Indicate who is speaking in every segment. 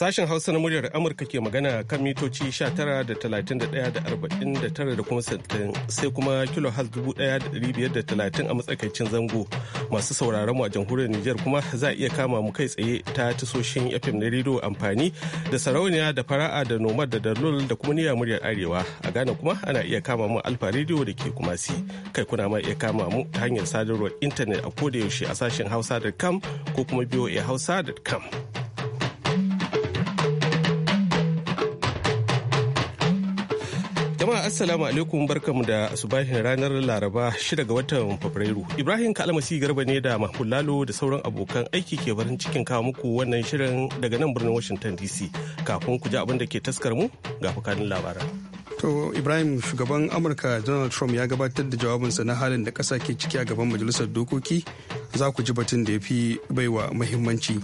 Speaker 1: Sashen Hausa na muryar Amurka ke magana kan mitoci 19 da da 49 da kuma sai kuma kilohaz 1530 a matsakaicin zango. Masu sauraron mu a jamhuriyar Nijar kuma za a iya kama mu kai tsaye ta tasoshin FM na rediyo amfani da sarauniya da fara'a da nomad da dalol da kuma niyyar muryar Arewa. A Ghana kuma ana iya kama mu Alfa rediyo da ke kuma si. Kai kuna ma iya kama mu ta hanyar sadarwar intanet a kodayaushe a sashen hausa.com ko kuma voahausa.com. hausa.com. Jama'a Assalamu alaikum barkamu da subahin ranar Laraba 6 ga watan Fabrairu. Ibrahim Kalmasi Garba ne da Mahmud Lalo da sauran abokan aiki ke barin cikin kawo muku wannan shirin daga nan birnin Washington DC. Kafin ku ji abin da ke taskar mu ga fukanin labaran.
Speaker 2: To Ibrahim shugaban Amurka Donald Trump ya gabatar da jawabinsa na halin da kasa ke ciki a gaban majalisar dokoki za ku ji batun da ya fi baiwa muhimmanci.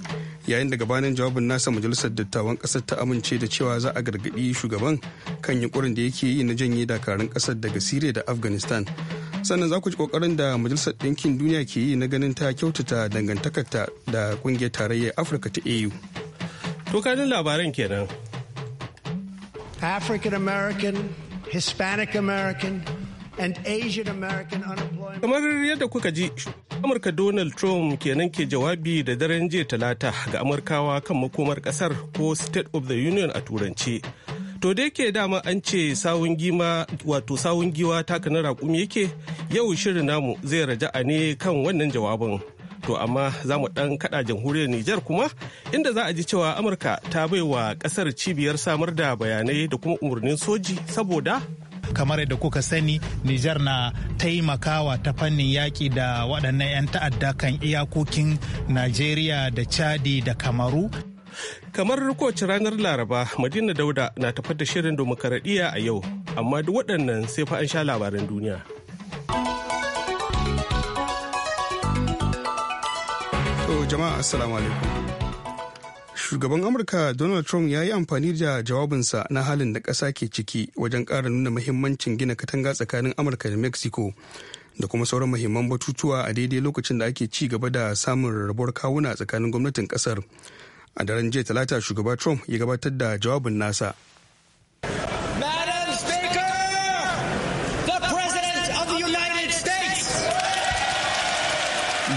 Speaker 2: yayin da gabanin jawabin nasa majalisar dattawan kasar ta amince da cewa za a gargaɗi shugaban kan yunkurin da yake yi na janye dakarun kasar daga siriya da afghanistan sannan za ku ji kokarin da majalisar ɗinkin duniya ke yi na ganin ta kyautata dangantakarta da kungiyar tarayyar afirka ta au to kanin labaran kenan
Speaker 3: african american hispanic american and asian american unemployment
Speaker 1: kamar yadda kuka ji amurka donald trump kenan ke jawabi da daren jiya talata ga amurkawa kan makomar kasar ko state of the union a turance to da yake dama an ce sawun gima wato sawun giwa takanin raƙumi yake yau shirin namu zai raja'a ne kan wannan jawabin to amma za mu ɗan kaɗa jamhuriyar Nijar kuma inda za a ji cewa Amurka ta baiwa ƙasar cibiyar samar da bayanai da kuma umarnin soji saboda
Speaker 4: kamar yadda kuka sani nijar na taimakawa ta fannin yaƙi da waɗannan 'yan ta'adda kan iyakokin najeriya da chadi da kamaru
Speaker 1: kamar kowace ranar laraba madina dauda na tafar da shirin dimokuraɗiyya a yau amma duk waɗannan sai fa an sha labaran duniya
Speaker 2: jama'a assalamu alaikum shugaban amurka donald trump ya yi amfani da jawabinsa na halin da ƙasa ke ciki wajen ƙara nuna mahimmancin gina katanga tsakanin amurka da mexico da kuma sauran mahimman batutuwa a daidai lokacin da ake ci gaba da samun rarrabuwar kawuna tsakanin gwamnatin ƙasar a daren jiya talata shugaba trump ya gabatar da jawabin nasa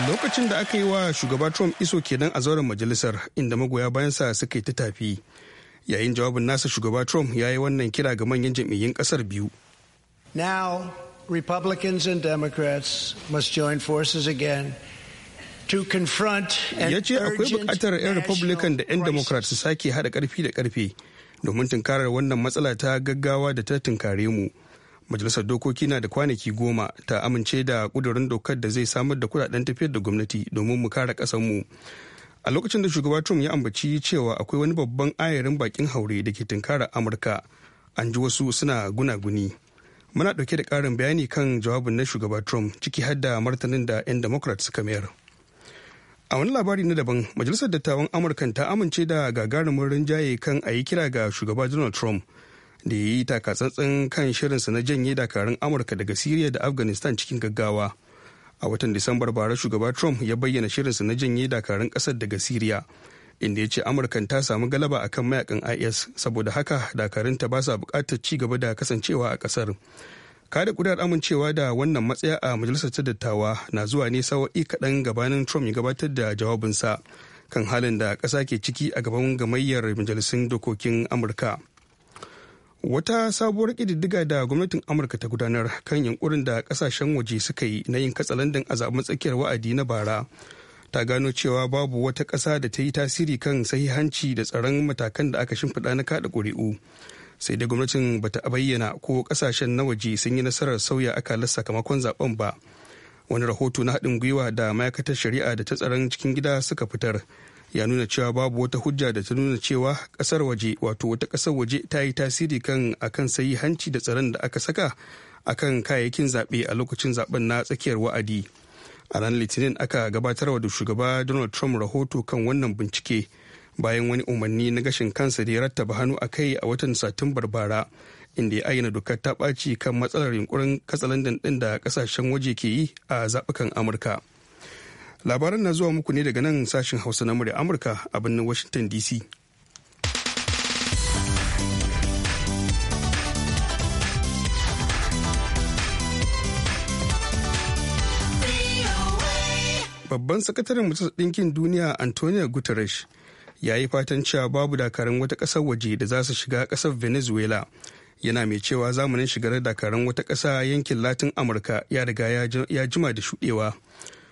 Speaker 2: lokacin da aka yi wa shugaba trump iso kenan a zauren majalisar inda magoya bayansa suka yi ta tafi yayin jawabin nasa shugaba trump ya yi wannan kira ga manyan jam'iyyun kasar biyu
Speaker 3: now republicans and democrats must join forces again
Speaker 2: ya ce akwai bukatar 'yan republican da 'yan democrat su sake hada karfi da karfe domin tunkarar wannan matsala ta gaggawa da ta tunkare mu majalisar dokoki na da kwanaki goma ta amince da kudurin dokar da zai samar da kudaden tafiyar da gwamnati domin mu kare mu a lokacin da shugaba trump ya ambaci cewa akwai wani babban ayarin bakin haure da ke tunkara amurka an ji wasu suna gunaguni muna dauke da karin bayani kan jawabin na shugaba trump ciki har da martanin da 'yan democrats suka mayar a wani labari na daban majalisar dattawan amurkan ta amince da gagarumin rinjaye kan a yi kira ga shugaba donald trump da ya yi takatsantsan kan shirinsa na janye dakarun amurka daga siriya da afghanistan cikin gaggawa a watan disambar bara shugaba trump ya bayyana shirinsa na janye dakarun kasar daga siriya inda ya ce amurkan ta samu galaba akan mayakan is saboda haka dakarunta ba sa bukatar ci gaba da kasancewa a kasar kada kudar amincewa da wannan matsaya a majalisar ta dattawa na zuwa ne sawa'i kaɗan gabanin trump ya gabatar da jawabinsa kan halin da ƙasa ke ciki a gaban gamayyar majalisun dokokin amurka wata sabuwar ƙididdiga da gwamnatin amurka ta gudanar kan yankurin da kasashen waje suka yi na yin katsalandan a zaben tsakiyar wa'adi na bara ta gano cewa babu wata ƙasa da ta yi tasiri kan sahihanci da tsaron matakan da aka shimfiɗa na kaɗa ƙuri'u sai dai gwamnatin bata bayyana ko ƙasashen na waje sun yi nasarar sauya akalar sakamakon zaben ba wani rahoto na haɗin gwiwa da ma'aikatar shari'a da ta tsaron cikin gida suka fitar ya nuna cewa babu wata hujja da ta nuna cewa kasar waje wato wata kasar waje ta yi tasiri kan akan sayi hanci da tsaron da aka saka akan kayayyakin zaɓe a lokacin zaben na tsakiyar wa'adi a ranar litinin aka gabatar da shugaba donald trump rahoto kan wannan bincike bayan wani umarni na gashin kansa da ya rattaba hannu a kai a watan satumbar bara inda ya ayyana dokar ta ɓaci kan matsalar yunkurin katsalandan ɗin da ƙasashen waje ke yi a zaɓukan amurka labaran na zuwa muku ne daga nan sashen hausa na murya amurka a birnin washington dc babban sakataren majalisar ɗinkin duniya antonio guterres ya yi fatan cewa babu dakarun wata ƙasar waje da za su shiga ƙasar venezuela yana mai cewa zamanin shigar dakarun wata ƙasa yankin latin amurka ya riga ya jima da shuɗewa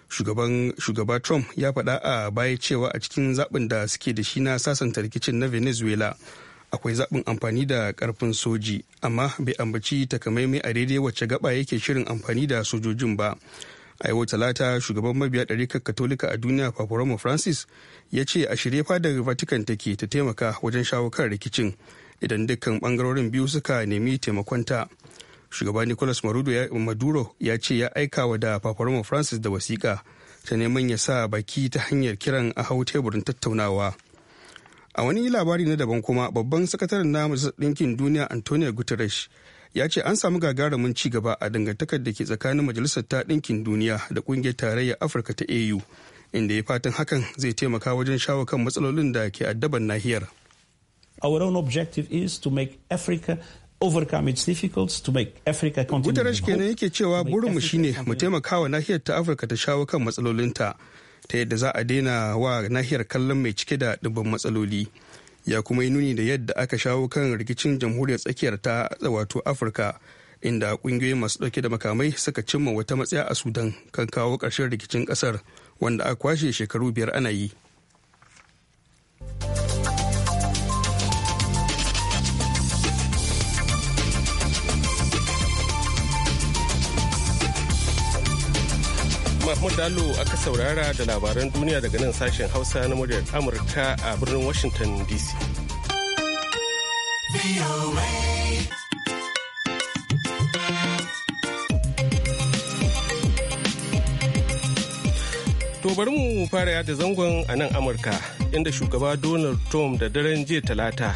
Speaker 2: shugaban shugaba trump ya faɗa a baya cewa a cikin zaɓin da suke da shi na sasanta rikicin na venezuela akwai zaɓin amfani da karfin soji amma bai ambaci takamaimai a daidai wacce gaba yake shirin amfani da sojojin ba a yau talata shugaban mabiya ɗarikar katolika a duniya paparoma francis ya ce a shirye fadar vatican take ta taimaka wajen shawo kan rikicin idan dukkan bangarorin biyu suka nemi taimakonta. ta shugaba nicolas maduro ya ce ya aika wa da paparoma francis da wasiƙa ta neman ya sa baki ta hanyar kiran a hau teburin tattaunawa a wani labari na daban kuma babban sakataren na majalisar ɗinkin duniya antonio guterres ya ce an samu gagarumin ci gaba a dangantakar da ke tsakanin majalisar ta ɗinkin duniya da ƙungiyar tarayyar afirka ta au inda ya fatan hakan zai taimaka wajen shawo kan matsalolin da ke addaban nahiyar Our own objective is to make Africa overcome its difficulties to make Africa continue. Guterres kenan yake cewa burin mu shine mu taimaka wa nahiyar ta Afirka ta shawo kan matsalolinta ta yadda za a daina wa nahiyar kallon mai cike da dubban matsaloli. Ya kuma yi nuni da yadda aka shawo kan rikicin jamhuriyar tsakiyar ta wato Afirka inda kungiyoyi masu dauke da makamai suka cimma wata matsaya a Sudan kan kawo karshen rikicin kasar wanda aka kwashe shekaru biyar ana yi.
Speaker 1: Mahmud Dalo aka saurara da labaran duniya daga nan sashen Hausa na muryar Amurka a birnin Washington DC. To bari mu fara yada zangon a nan Amurka inda shugaba Donald Trump da daren jiya talata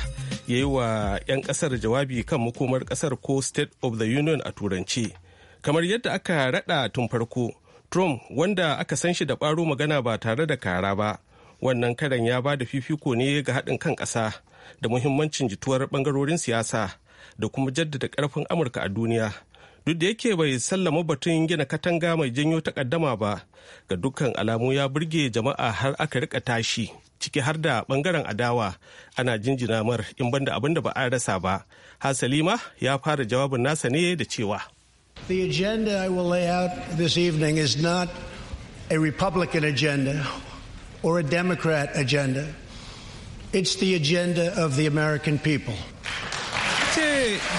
Speaker 1: ya yi wa 'yan kasar jawabi kan makomar kasar ko State of the Union a turanci. Kamar yadda aka raɗa tun farko Trump wanda aka san shi da ɓaro magana ba tare da kara ba, wannan karan ya ba da fifiko ne ga haɗin kan ƙasa da muhimmancin jituwar ɓangarorin siyasa da kuma jaddada ƙarfin Amurka a duniya. Duk da yake bai sallama batun gina katanga mai janyo takaddama ba, ga dukkan alamu ya burge jama'a har aka rika tashi, ciki har da ɓangaren adawa ana jinjina mar in banda abin da ba a rasa ba. Hasalima ya fara jawabin nasa ne da cewa.
Speaker 3: The agenda I will lay out this evening is not a Republican agenda or a Democrat agenda. It's the agenda of the American people.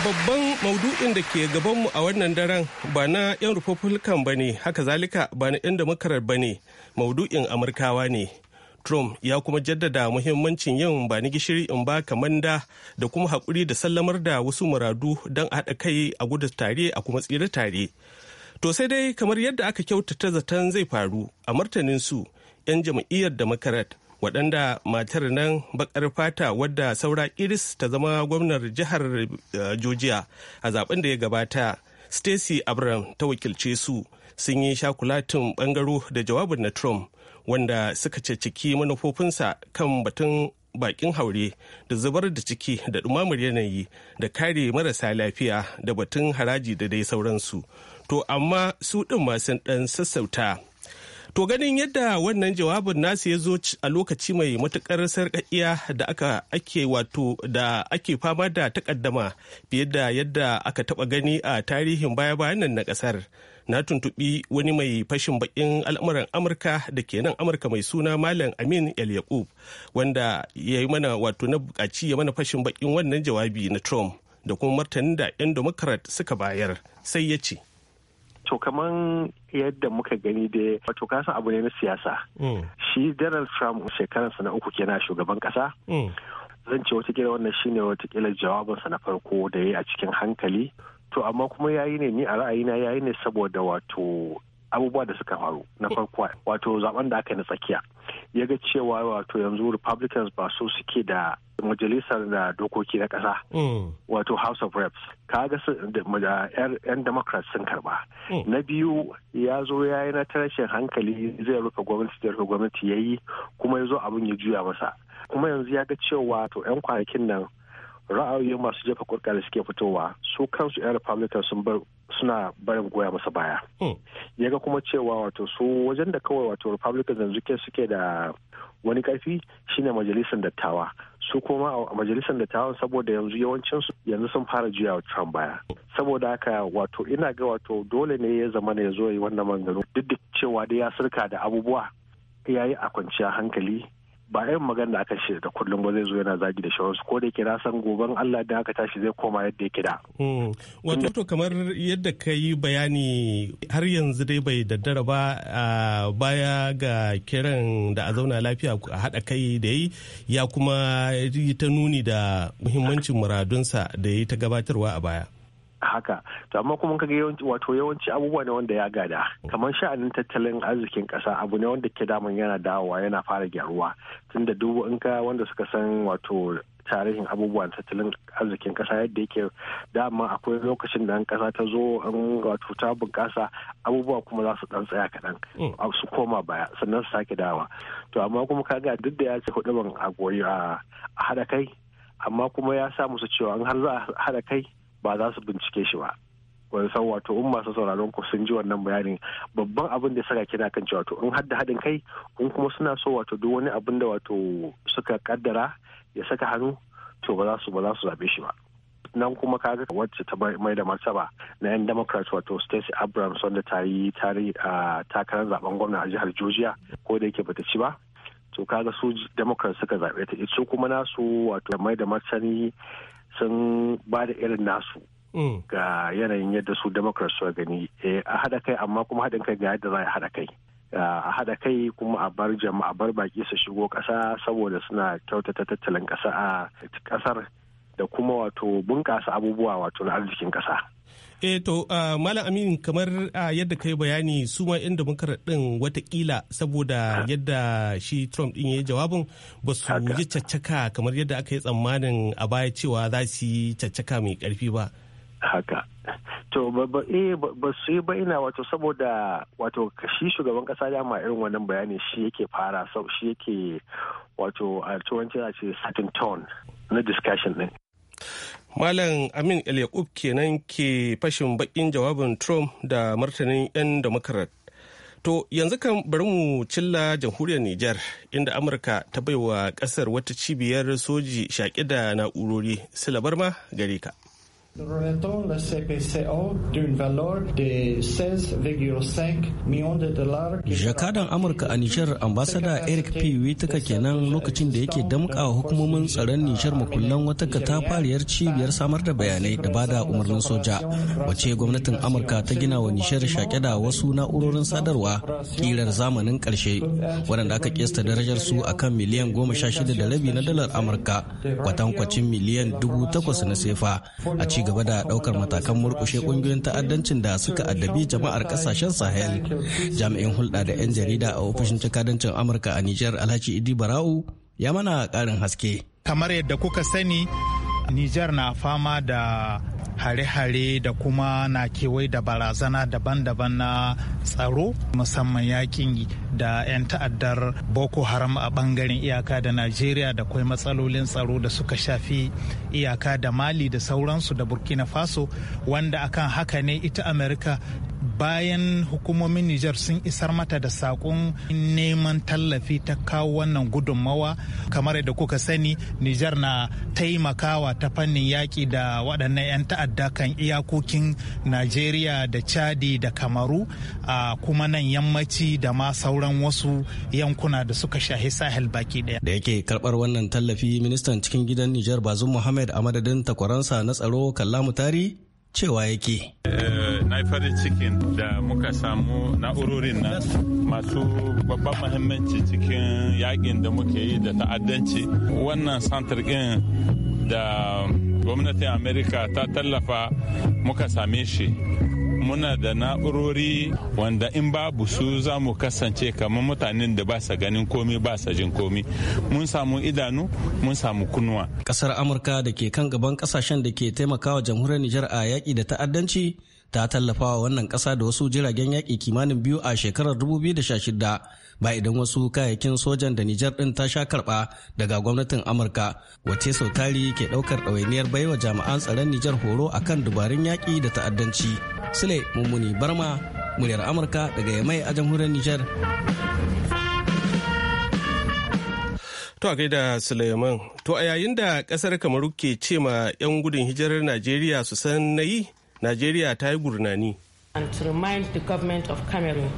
Speaker 1: babban maudu'in da ke gabanmu a wannan daren ba na 'yan republican ba ne haka zalika ba na 'yan ba ne maudu'in amurkawa ne Trump ya kuma jaddada muhimmancin yin ba ni gishiri in ba kamanda da kuma haƙuri da sallamar da wasu muradu don haɗa kai a gudu tare a kuma tsira tare. To sai dai kamar yadda aka kyautata zaton zai faru a martanin su 'yan jam'iyyar Democrat waɗanda matar nan bakar fata wadda saura iris ta zama gwamnar jihar eh, Georgia a zaben da ya gabata Stacey Abram ta wakilce su. sun yi shakulatin bangaro da jawabin na trump wanda suka ce ciki manufofinsa kan batun bakin haure da zubar da ciki da ɗumamar yanayi da kare marasa lafiya da batun haraji da dai sauransu to amma su ɗin masu ɗan sassauta To ganin yadda wannan jawabin nasu ya zo a lokaci mai matukar sarƙaƙiya da aka ake wato da ake fama da takaddama fiye da yadda aka taɓa gani a tarihin baya-bayan nan na ƙasar. na tuntuɓi wani mai fashin bakin al'amuran amurka da ke nan amurka mai suna malam amin el yakub wanda ya yi mana wato na bukaci ya mana fashin bakin wannan jawabi na trump da kuma martanin da 'yan democrat suka bayar sai ya ce
Speaker 3: to kaman yadda muka gani da wato san abu ne na siyasa mm. shi donald trump shekaransa na uku kenan shugaban kasa mm. zan ce watakila wannan shine watakila jawabinsa na farko da ya yi a cikin hankali to amma kuma yayi ne ni a ra'ayi ra'ayina yayi ne saboda wato abubuwa da suka faru na eh. farko wato zaben da aka yi na tsakiya ya ga cewa wato yanzu republicans ba so suke da majalisar da dokoki na kasa hmm. wato house of reps kaga yan democrats sun karba hmm. na biyu ya zo ya yi na tarashin hankali zai rufe gwamnati zai rufe gwamnati ya yi kuma ya zo abin ya juya masa kuma yanzu ya ga cewa wato yan kwanakin nan ra'ayoyin masu jefa kurka da suke fitowa su kansu 'yan republican sun bar suna barin goya masa baya hmm. ya ga kuma cewa wato su wajen da kawai wato republican yanzu ke suke da wani karfi shine majalisar dattawa su kuma a majalisar dattawa saboda yanzu yawancin yanzu sun fara juya Trump baya saboda haka wato ina ga wato dole ne ya zama ya zo yi wannan maganganu duk da cewa da ya sirka da abubuwa ya yi a kwanciya hankali ba yin magana da aka shi da kullum ba zai zo yana zagi da shawarsu ko da yake na san goben Allah da aka tashi zai koma yadda yake da. Hmm.
Speaker 1: Wato to kamar yadda ka yi bayani har yanzu dai bai daddara ba a baya ga kiran da a zauna lafiya a haɗa kai da yi ya kuma yi ta nuni da muhimmancin muradunsa da ya yi ta gabatarwa a baya.
Speaker 3: haka to amma kuma kaga yawanci wato yawanci abubuwa ne wanda ya gada kamar sha'anin tattalin arzikin kasa abu ne wanda ke damun yana dawowa yana fara gyaruwa tunda duk in ka wanda suka san wato tarihin abubuwan tattalin arzikin kasa yadda yake dama akwai lokacin da an kasa ta zo an wato ta bunƙasa abubuwa kuma za su dan tsaya kaɗan hmm. su koma baya sannan su sake dawa to amma kuma kaga duk da ya ce hudu a goyi a haɗa kai amma kuma ya sa musu cewa an har za a haɗa kai ba za su bincike shi ba wani san wato in masu sauraron ku sun ji wannan bayanin babban abin da saka kina kan cewa in hadda haɗin kai kun kuma suna so wato duk wani abin da wato suka kaddara ya saka hannu to ba za su ba za su zabe shi ba nan kuma kaga wacce ta mai da martaba na yan democrat wato stacey abrams wanda ta yi a takarar zaben gwamna a jihar georgia ko da yake bata ci ba to kaga su democrat suka zaɓe ta su kuma nasu wato mai da martani sun ba da irin nasu mm. ga yanayin yadda su democrats su gani eh, a haɗa kai amma kuma haɗin kai ga yadda za a haɗa kai eh, a haɗa kai kuma a bar jama'a bar baki su shigo ƙasa saboda suna kyautata tattalin ƙasa a ƙasar da kuma wato bunƙasa abubuwa wato na arzikin ƙasa.
Speaker 1: eh to ah, malam amin kamar ah, yadda kai bayani su ma inda muka raɗin watakila saboda yadda shi trump din ya yi jawabin ba su yi caccaka kamar yadda aka yi tsammanin a baya cewa za su yi caccaka mai karfi ba haka
Speaker 3: to eh, ba su yi ba ina wato saboda wato shi shugaban kasa dama irin wannan bayani shi yake fara sau shi yake wato a turanci a ce satin tone na discussion din
Speaker 1: Malam Amin Yakub kenan ke fashin bakin jawabin Trump da martanin 'yan Democrat. To yanzu kan bari mu cilla jamhuriyar Nijar inda Amurka ta baiwa kasar wata cibiyar soji shaƙi da na'urori. Silabar
Speaker 5: ma gare ka.
Speaker 4: Relevant le CPCO d'une valeur de 16,5 millions de dollars.
Speaker 5: Jakadan Amurka a Nijar ambasada Eric P. Witaka kenan lokacin da yake damƙa hukumomin tsaron Nijar makullan wata katafariyar cibiyar samar da bayanai da bada umarnin soja wace gwamnatin Amurka ta gina wa Nijar shaƙe da wasu na'urorin sadarwa ƙirar zamanin ƙarshe waɗanda aka kesta darajar su a kan miliyan goma shida da rabi na dalar Amurka kwatankwacin miliyan dubu takwas na sefa a ci gaba da ɗaukar matakan murkushe ƙungiyoyin ta'addancin da suka addabi jama'ar kasashen Sahel. Jami'in hulɗa da 'yan jarida a ofishin jakadancin Amurka a Nijar Alhaji Idi Barau ya mana ƙarin haske. Kamar yadda kuka sani Nijar
Speaker 4: na fama da hare-hare da kuma na kewai da barazana daban-daban na tsaro musamman yakin da 'yan ta'addar boko haram a bangaren iyaka da najeriya da kwai matsalolin tsaro da suka shafi iyaka da mali da sauransu da burkina faso wanda akan haka ne ita amerika bayan hukumomin Nijar sun isar mata da sakon neman tallafi ta kawo wannan gudunmawa kamar da kuka sani Nijar na taimakawa ta fannin yaƙi da waɗannan 'yan ta'adda kan iyakokin Najeriya da Chadi da Kamaru a kuma nan yammaci da ma sauran wasu yankuna da suka shahi
Speaker 5: sahel baki ɗaya. Da yake karɓar wannan tallafi ministan cikin gidan Nijar Bazum Muhammad a madadin takwaransa na tsaro Kallamu Tari cewa yake.
Speaker 4: Eh, na farin cikin da muka samu na'urorin nan masu babban mahimmanci cikin yakin da muke yi da ta'addanci. Wannan santar ɗin da gwamnatin Amerika ta tallafa muka same shi. muna da na'urori wanda in babu su za mu kasance kamar mutanen da ba sa ganin komi ba sa jin komi mun samu idanu mun samu kunnuwa
Speaker 5: kasar amurka da ke kan gaban kasashen da ke taimakawa jamhuriyar nijar a yaƙi da ta'addanci ta tallafa wa wannan kasa da wasu jiragen yaƙi kimanin biyu a shekarar 2016 ba idan wasu kayayyakin sojan da Nijar ɗin ta sha karɓa daga gwamnatin Amurka wace sau tari ke ɗaukar ɗawainiyar baiwa jami'an tsaron Nijar horo akan dubarun yaƙi da ta'addanci. Sule Mummuni Barma, muryar Amurka daga Yamai a jamhuriyar Nijar.
Speaker 1: To a gaida Suleiman, to a yayin da ƙasar Kamaru ke ce ma 'yan gudun hijirar Najeriya su san nayi, Najeriya ta yi gurnani.
Speaker 6: And the government of Cameroon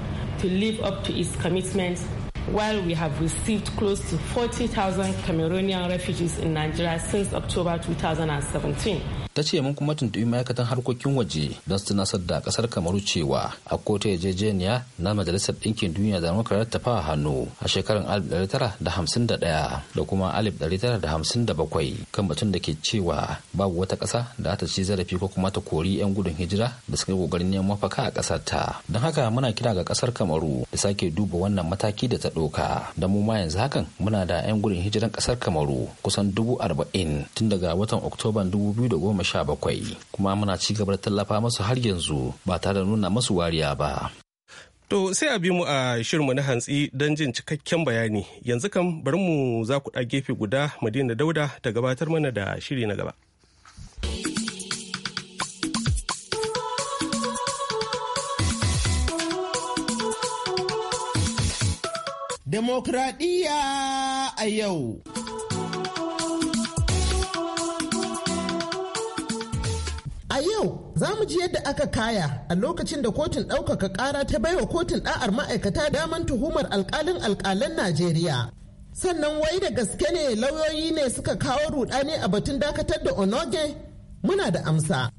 Speaker 6: to live up to its commitments while we have received close to 40,000 Cameroonian refugees in Nigeria since October 2017.
Speaker 1: ta ce mun kuma tuntubi ma'aikatan harkokin waje don su tunasar da kasar kamaru cewa a kota yarjejeniya na majalisar ɗinkin duniya da muka rattafa hannu a shekarar 1951 da da da ɗaya kuma alif ɗari tara da da bakwai kan batun da ke cewa babu wata ƙasa da ta ci zarafi ko kuma ta kori 'yan gudun hijira da suka yi ƙoƙarin neman mafaka a ƙasar ta don haka muna kira ga ƙasar kamaru da sake duba wannan mataki da ta ɗauka da mu ma yanzu hakan muna da 'yan gudun hijiran ƙasar kamaru kusan dubu arba'in tun daga watan oktoban dubu biyu da goma goma kuma muna ci gaba da tallafa masu har yanzu ba tare da nuna masu wariya ba. To sai a bi mu a shirinmu na hantsi don jin cikakken bayani yanzu kan bari mu za ku gefe guda Madina Dauda da gabatar mana da shiri na gaba.
Speaker 6: Demokradiyya a yau. A yau za mu ji yadda aka kaya a lokacin da kotun ɗaukaka ƙara ta baiwa kotun ɗa'ar ma'aikata daman tuhumar alƙalin alƙalan Najeriya. Sannan wai da gaske ne lauyoyi ne suka kawo rudani a batun dakatar da Onoge? Muna da amsa.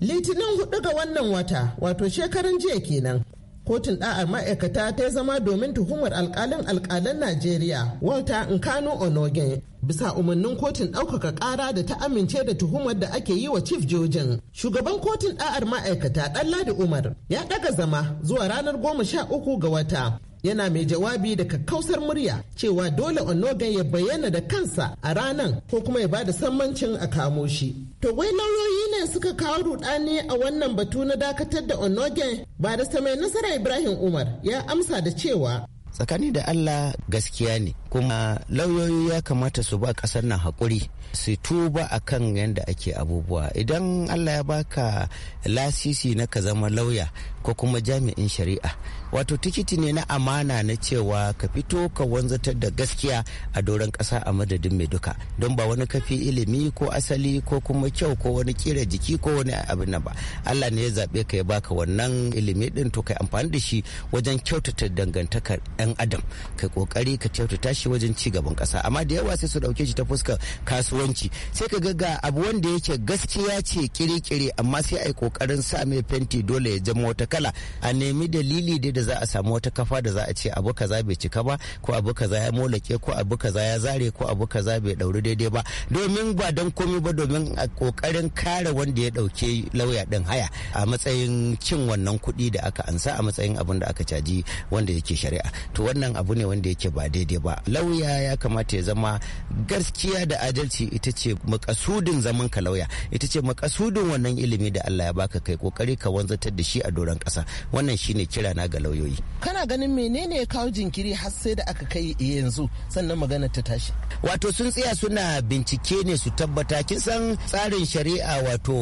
Speaker 6: Litinin hudu ga wannan wata, wato shekaran jiya kenan. kotun ɗa'ar ma'aikata ta zama domin tuhumar alkalin alkalan najeriya walter nkano onogen bisa umarnin kotun ɗaukaka ƙara da ta amince da tuhumar da ake yi wa chief jojin shugaban kotun ɗa'ar ma'aikata ɗanladi umar ya ɗaga zama zuwa ranar goma sha uku ga wata yana mai jawabi da kakkausar murya cewa dole onogan ya bayyana da kansa a ranan ko kuma ya ba da sammancin a kamo shi. To wai lauyoyi ne suka kawo rudani a wannan batu na dakatar da onogan da mai nasara Ibrahim Umar ya amsa da cewa
Speaker 7: tsakani da allah gaskiya ne kuma lauyoyi ya kamata su ba kasar nan haƙuri su tuba a kan yadda ake abubuwa idan allah ya baka lasisi na ka zama lauya ko kuma jami'in shari'a wato tikiti ne na amana na cewa ka fito ka wanzatar da gaskiya a doron ƙasa a madadin mai duka don ba wani kafi ilimi ko asali ko kuma kyau ko wani kira jiki ko wani abin nan ba Allah ne ya zaɓe ka ya baka wannan ilimi din to kai amfani da shi wajen kyautata dangantakar 'yan adam ka kokari ka kyautata shi wajen ci gaban ƙasa amma da yawa sai su ɗauke shi ta fuskar kasuwanci sai ka ga ga abu wanda yake gaskiya ce kirikiri amma sai a yi kokarin sa mai fenti dole ya zama wata kala a nemi dalili da yadda za a samu wata kafa da za a ce abu kaza bai cika ba ko abu kaza ya molake ko abu kaza ya zare ko abu kaza bai dauri daidai ba domin ba don komi ba domin a kokarin kare wanda ya dauke lauya din haya a matsayin cin wannan kuɗi da aka ansa a matsayin abin da aka caji wanda yake shari'a to wannan abu ne wanda yake ba daidai ba lauya ya kamata ya zama gaskiya da adalci ita ce makasudin zaman ka lauya ita ce makasudin wannan ilimi da Allah ya baka kai kokari ka wanzatar da shi a doron kasa wannan shine kira na ga lauya lauyoyi
Speaker 6: kana ganin menene ya kawo jinkiri har sai da aka kai yanzu sannan magana ta tashi
Speaker 7: wato sun tsaya suna bincike ne su tabbata kin san tsarin shari'a wato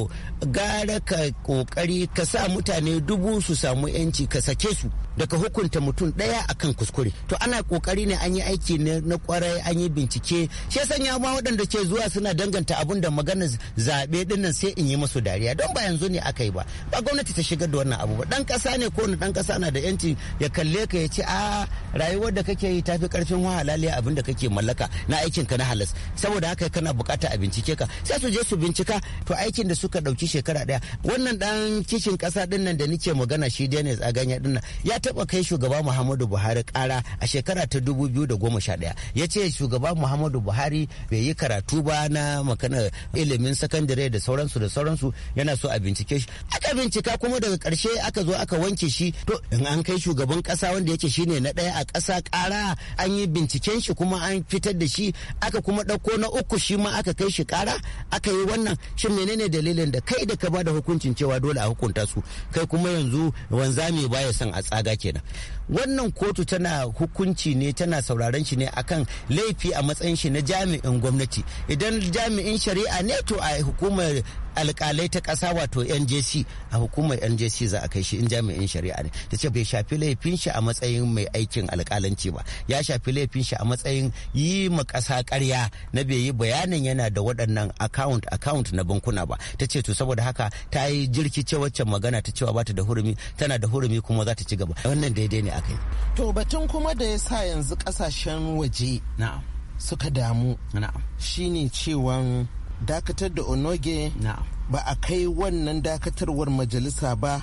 Speaker 7: gara ka kokari ka sa mutane dubu su samu yanci ka sake su daga hukunta mutum ɗaya akan kuskure to ana kokari ne an yi aiki na kwarai an yi bincike shi yasa ya ma waɗanda ke zuwa suna danganta abun da magana zaɓe dinnan sai in yi masu dariya don ba yanzu ne aka yi ba ba gwamnati ta shigar da wannan abu ba dan ƙasa ne ko dan ƙasa na da yanci ya kalle ka ya ce a rayuwar da kake yi tafi karfin wahalaliya abin da kake mallaka na aikin ka na halas saboda haka kana bukata a bincike ka sai su je su bincika to aikin da suka ɗauki shekara ɗaya wannan ɗan kishin ƙasa dinnan da nake magana shi Dennis a ganya dinnan ya taba kai shugaba muhammadu buhari kara a shekara ta 2011 ya ce shugaba muhammadu buhari bai yi karatu ba na makana ilimin sakandare da sauransu da sauransu yana so a bincike shi aka bincika kuma daga karshe aka zo aka wanke shi to in an kai shugaban kasa wanda yake shine na ɗaya a kasa kara an yi binciken shi kuma an fitar da shi aka kuma ɗauko na uku shi ma aka kai shi kara aka yi wannan shin menene dalilin da kai da ka ba da hukuncin cewa dole a hukunta su kai kuma yanzu wanzami baya son a tsaga kenan wannan kotu tana hukunci ne tana sauraron shi ne akan laifi a matsayin shi na jami'in gwamnati idan jami'in shari'a ne to a hukumar alkalai ta kasa wato njc a hukumar njc za a kai shi in jami'in shari'a ne ta ce bai shafi laifin shi a matsayin mai aikin alkalanci ba ya shafi laifin shi a matsayin yi ma ƙasa karya na bai yi bayanin yana da waɗannan account account na bankuna ba ta ce to saboda haka ta yi jirki jirkice wacce magana ta cewa ba ta da hurumi tana da hurumi kuma za ta ci gaba wannan daidai ne aka yi.
Speaker 6: to batun kuma da ya sa yanzu kasashen waje suka damu Shi ne cewan dakatar da onoge ba a kai wannan dakatarwar majalisa ba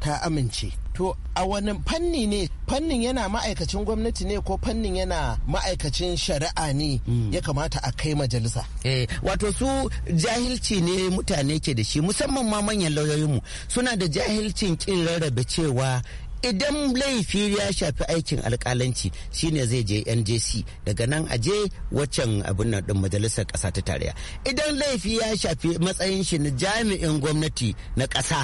Speaker 6: ta amince to a wani fanni ne fannin yana ma'aikacin gwamnati ne ko fannin yana ma'aikacin shari'a ne hmm. ya kamata a kai majalisa
Speaker 7: eh wato su jahilci ne mutane ke da shi musamman ma manyan lauyoyinmu suna da jahilcin kin rarrabe cewa idan laifi ya shafi aikin alkalanci shine zai je njc daga nan a je waccan abin nan din majalisar ƙasa ta tarayya idan laifi ya shafi matsayin shi na jami'in gwamnati na ƙasa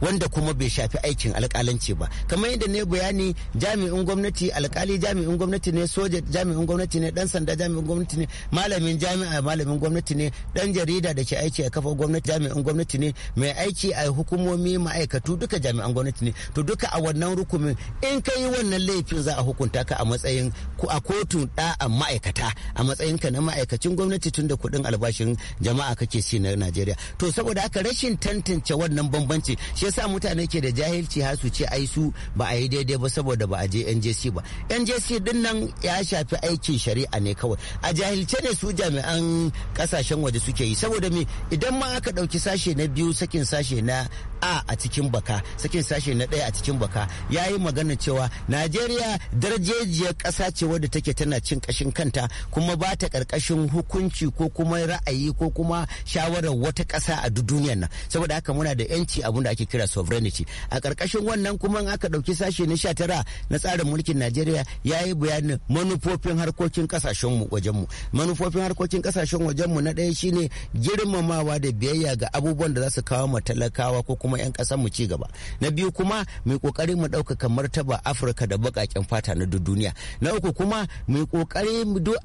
Speaker 7: wanda kuma bai shafi aikin alkalanci ba kamar yadda ne bayani jami'in gwamnati alkali jami'in gwamnati ne soja jami'in gwamnati ne dan sanda jami'in gwamnati ne malamin jami'a malamin gwamnati ne dan jarida da ke aiki a kafa gwamnati jami'in gwamnati ne mai aiki a hukumomi ma'aikatu duka jami'an gwamnati ne to duka a wannan rukumin in ka yi wannan laifin za a hukunta ka a matsayin a kotun da'a ma'aikata a matsayin ka na ma'aikacin gwamnati tun da kuɗin albashin jama'a kake ci na Najeriya to saboda haka rashin tantance wannan bambanci shi yasa mutane ke da jahilci har su ce ai su ba a yi daidai ba saboda ba a je NJC ba NJC din nan ya shafi aikin shari'a ne kawai a jahilce ne su jami'an kasashen waje suke yi saboda me idan ma aka ɗauki sashe na biyu sakin sashe na a a cikin baka sakin sashe na ɗaya a cikin baka ya yi magana cewa najeriya darajejiyar ƙasa ce wadda take tana cin ƙashin kanta kuma ba ta ƙarƙashin hukunci ko kuma ra'ayi ko kuma shawarar wata ƙasa a duk duniyar nan saboda haka muna da 'yanci abin da ake kira kira sovereignty a ƙarƙashin wannan kuma aka ɗauki sashe na sha tara na tsarin mulkin najeriya ya yi bayanin manufofin harkokin ƙasashen mu manufofin harkokin ƙasashen mu na ɗaya shine girmamawa da biyayya ga abubuwan da za su kawo matalakawa talakawa ko kuma 'yan ƙasar mu ci gaba na biyu kuma mu ƙoƙari mu kamar martaba afirka da baƙaƙen fata na duk duniya na uku kuma mu duk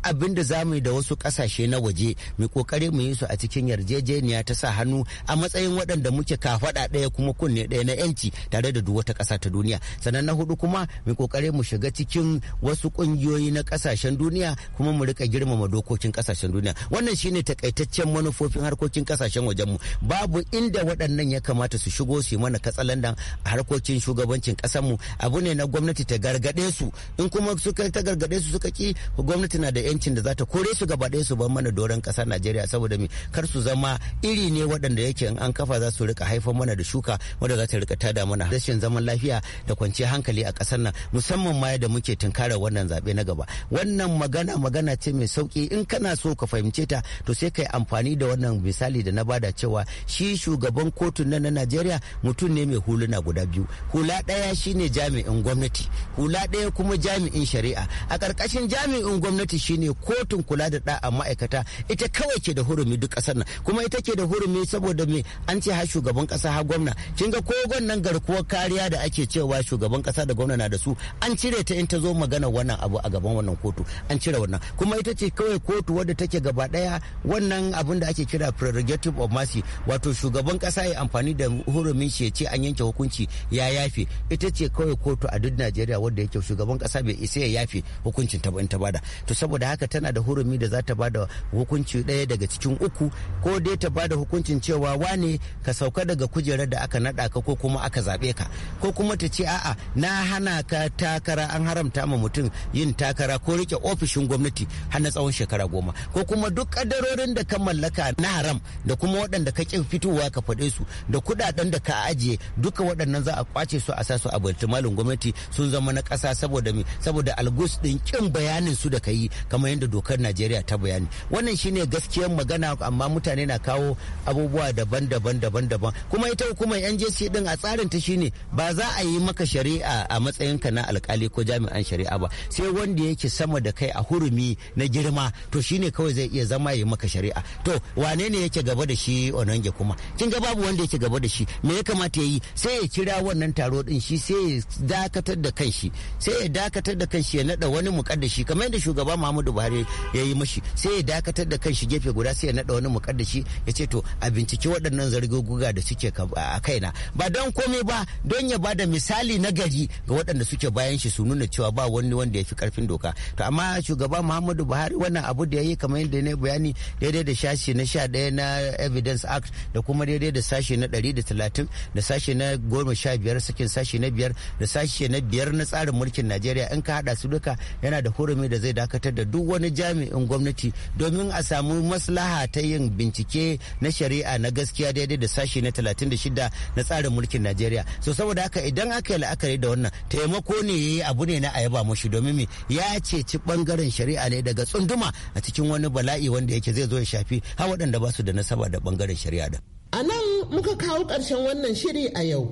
Speaker 7: abin da za mu yi da wasu ƙasashe na waje mu ƙoƙari mu yi su a cikin yarjejeniya ta sa hannu a matsayin waɗanda muke kafaɗa ɗaya kuma ne ɗaya na yanci tare da duwata wata ƙasa ta duniya sannan na hudu kuma mu kokare mu shiga cikin wasu ƙungiyoyi na kasashen duniya kuma mu rika girmama dokokin kasashen duniya wannan shine takaitaccen manufofin harkokin kasashen wajen mu. babu inda waɗannan ya kamata su shigo su yi mana katsalandan a harkokin shugabancin ƙasarmu abu ne na gwamnati ta gargaɗe su in kuma suka ta gargaɗe su suka ki gwamnati na da yancin da za ta kore su gaba ɗaya su bar mana doron kasa Najeriya saboda mi kar su zama iri ne waɗanda yake in an kafa za su rika haifar mana da shuka wanda za ta rika tada mana rashin zaman lafiya da kwanciyar hankali a kasar nan musamman ma da muke tunkarar wannan zaɓe na gaba wannan magana magana ce mai sauki in kana so ka fahimce ta to sai ka yi amfani da wannan misali da na bada cewa shi shugaban kotun nan na Najeriya mutum ne mai huluna guda biyu hula ɗaya shine jami'in gwamnati hula ɗaya kuma jami'in shari'a a ƙarƙashin jami'in gwamnati shine kotun kula da ɗa'a ma'aikata ita kawai ke da hurumi duk ƙasar nan kuma ita ke da hurumi saboda me an ce ha shugaban ƙasa ha gwamna kin ga kogon nan garkuwar kariya da ake cewa shugaban kasa da gwamna na da su an cire ta in ta zo magana wannan abu a gaban wannan kotu an cire wannan kuma ita ce kawai kotu wadda take gaba daya wannan abin da ake kira prerogative of mercy wato shugaban kasa ya amfani da hurumin shi ya ce an yanke hukunci ya yafe ita ce kawai kotu a duk Najeriya wadda yake shugaban kasa bai isa ya yafe hukuncin ta in ta bada to saboda haka tana da hurumi da za ta bada hukunci daya daga cikin uku ko dai ta bada hukuncin cewa wane ka sauka daga kujerar da aka naɗa ka ko kuma aka zaɓe ka ko kuma ta ce a'a na hana ka takara an haramta ma mutum yin takara ko rike ofishin gwamnati har na tsawon shekara goma ko kuma duk kadarorin da ka mallaka na haram da kuma waɗanda ka ƙin fitowa ka faɗe su da kuɗaɗen da ka ajiye duka waɗannan za a kwace su a sa su a malin gwamnati sun zama na ƙasa saboda me saboda algus ɗin ƙin bayanin su da ka yi kamar yadda dokar Najeriya ta bayani wannan shine gaskiyar magana amma mutane na kawo abubuwa daban-daban daban-daban kuma ita hukumar 'yan NJC din a tsarin ta shine ba za a yi maka shari'a a matsayin ka na alkali ko jami'an shari'a ba sai wanda yake sama da kai a hurumi na girma to shine kawai zai iya zama yi maka shari'a to wane ne yake gaba da shi onange kuma kin ga babu wanda yake gaba da shi me ya kamata ya yi sai ya kira wannan taro din shi sai ya dakatar da kanshi sai ya dakatar da kanshi ya nada wani mukaddashi kamar yadda shugaba Muhammadu Buhari ya yi mashi sai ya dakatar da kanshi gefe guda sai ya nada wani mukaddashi ya ce to a binciki waɗannan guga da suke a kaina kenan ba don komai ba don ya ba da misali na gari ga waɗanda suke bayan shi su nuna cewa ba wani wanda ya fi karfin doka to amma shugaba muhammadu buhari wannan abu da ya yi kamar yadda na bayani daidai da sashi na sha ɗaya na evidence act da kuma daidai da sashi na ɗari da talatin da sashi na goma sha biyar sakin sashi na biyar da sashi na biyar na tsarin mulkin najeriya in ka haɗa su duka yana da hurumi da zai dakatar da duk wani jami'in gwamnati domin a samu maslaha ta yin bincike na shari'a na gaskiya daidai da sashi na talatin da shida. na tsarin mulkin najeriya so saboda haka idan aka yi la'akari da wannan taimako ne ya yi abu ne na ayaba mushi domin me ya ceci bangaren shari'a ne daga tsunduma a cikin wani bala'i wanda yake zai zo ya shafi har waɗanda ba su da nasaba da bangaren shari'a da.
Speaker 6: a nan muka kawo ƙarshen wannan shiri a yau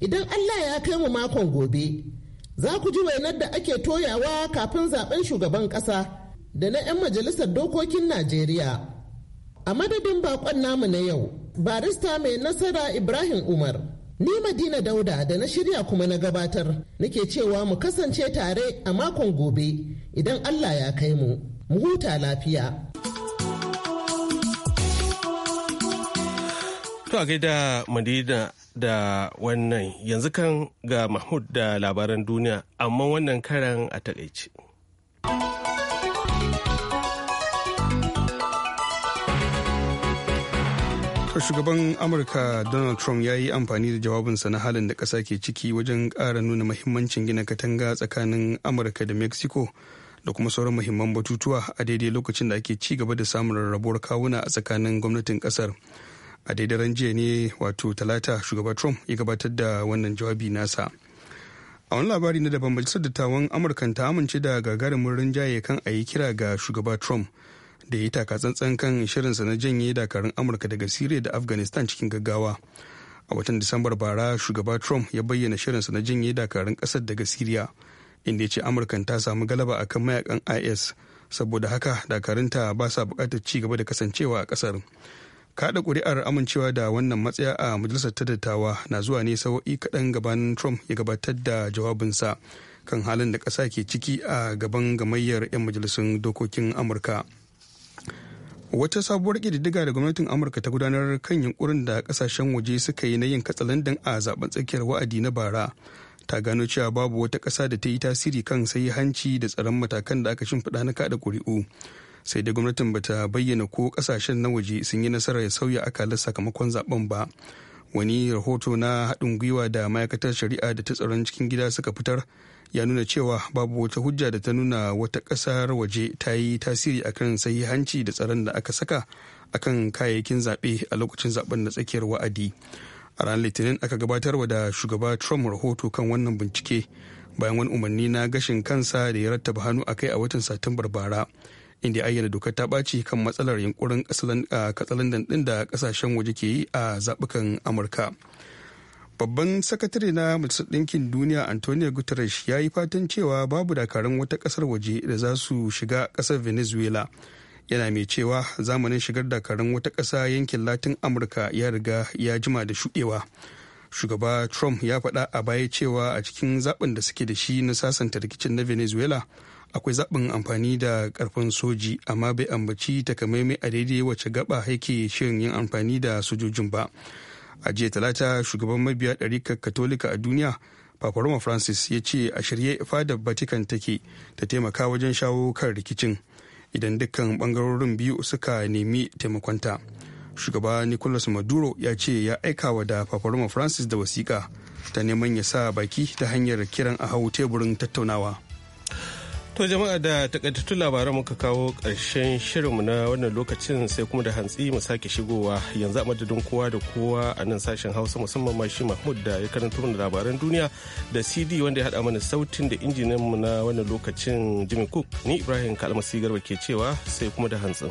Speaker 6: idan allah ya kai mu makon gobe za ku ji wainar da ake toyawa kafin zaben shugaban ƙasa da na 'yan majalisar dokokin najeriya. A madadin bakon namu na yau, barista mai nasara Ibrahim Umar. Ni Madina Dauda da na shirya kuma na gabatar, nake cewa mu kasance tare a makon gobe idan Allah ya kai mu. Mu huta lafiya.
Speaker 1: To a gaida Madina da wannan yanzu kan ga Mahmud da labaran duniya, amma wannan karan a takaice.
Speaker 2: To shugaban Amurka Donald Trump ya yi amfani da jawabinsa na halin da ƙasa ke ciki wajen ƙara nuna mahimmancin gina katanga tsakanin Amurka da Mexico da kuma sauran muhimman batutuwa a daidai lokacin da ake ci gaba da samun rarrabuwar kawuna a tsakanin gwamnatin ƙasar. A daidai ran jiya ne wato talata shugaba Trump ya gabatar da wannan jawabi nasa. A wani labari na daban majalisar dattawan amurka ta amince da gagarumin rinjaye kan a yi kira ga shugaba Trump. da ya yi takatsantsan kan shirinsa na janye dakarun amurka daga siriya da afghanistan cikin gaggawa a watan disambar bara shugaba trump ya bayyana shirinsa na janye dakarun kasar daga siriya inda ya ce amurka ta samu galaba akan mayakan is saboda haka dakarunta ba sa bukatar ci gaba da kasancewa a kasar kada kuri'ar amincewa da wannan matsaya a majalisar ta na zuwa ne sawa'i kaɗan gabanin trump ya gabatar da jawabinsa kan halin da ƙasa ke ciki a gaban gamayyar 'yan majalisun dokokin amurka wata sabuwar ƙididdiga da gwamnatin amurka ta gudanar kan yunkurin da kasashen waje suka yi na yin katsalandan a zaben tsakiyar wa'adi na bara ta gano cewa babu wata ƙasa da ta yi tasiri kan sai hanci da tsaron matakan da aka shimfiɗa na kaɗa ƙuri'u sai da gwamnatin bata bayyana ko ƙasashen na waje sun yi nasarar sauya akalar sakamakon zaben ba wani rahoto na haɗin gwiwa da ma'aikatar shari'a da ta tsaron cikin gida suka fitar ya nuna cewa babu wata hujja da ta nuna wata ƙasar waje ta yi tasiri akan sahihanci da tsaron da aka saka akan kayayyakin zaɓe a lokacin zaben na tsakiyar wa'adi a ranar litinin aka gabatarwa da shugaba trump rahoto kan wannan bincike bayan wani umarni na gashin kansa da ya rattaba hannu a kai a watan satumbar bara inda ayyana dokar ta ɓaci kan matsalar yunkurin katsalandan ɗin da ƙasashen waje ke yi a zaɓukan amurka babban sakatare na majalisar ɗinkin duniya antonio guterres ya yi fatan cewa babu dakarun wata ƙasar waje da za su shiga ƙasar venezuela yana mai cewa zamanin shigar dakarun wata ƙasa yankin latin amurka ya riga ya jima da shuɗewa shugaba trump ya faɗa a baya cewa a cikin zaɓin da suke da shi na sasanta rikicin na venezuela akwai zaɓin amfani da ƙarfin soji amma bai ambaci takamaimai a daidai wacce gaba yake shirin yin amfani da sojojin ba a jiya talata shugaban mabiya ɗarikar katolika a duniya papa roma francis ya ce a shirye fadar vatican take ta taimaka wajen shawo kan rikicin idan dukkan bangarorin biyu suka nemi taimakonta shugaba nicolas maduro ya ce ya aikawa da papa roma francis da wasiƙa ta neman ya sa baki ta hanyar kiran
Speaker 1: a hau teburin tattaunawa To jama'a da takaitattun labaran muka kawo ƙarshen shirinmu na wannan lokacin sai kuma da hantsi mu sake shigowa yanzu a madadin kowa da kowa a nan sashen Hausa musamman ma shi Mahmud da ya karanta mana labaran duniya da CD wanda ya haɗa mana sautin da injinin mu na wannan lokacin Jimmy Cook ni Ibrahim Kalmasi Garba ke cewa sai kuma da hantsin.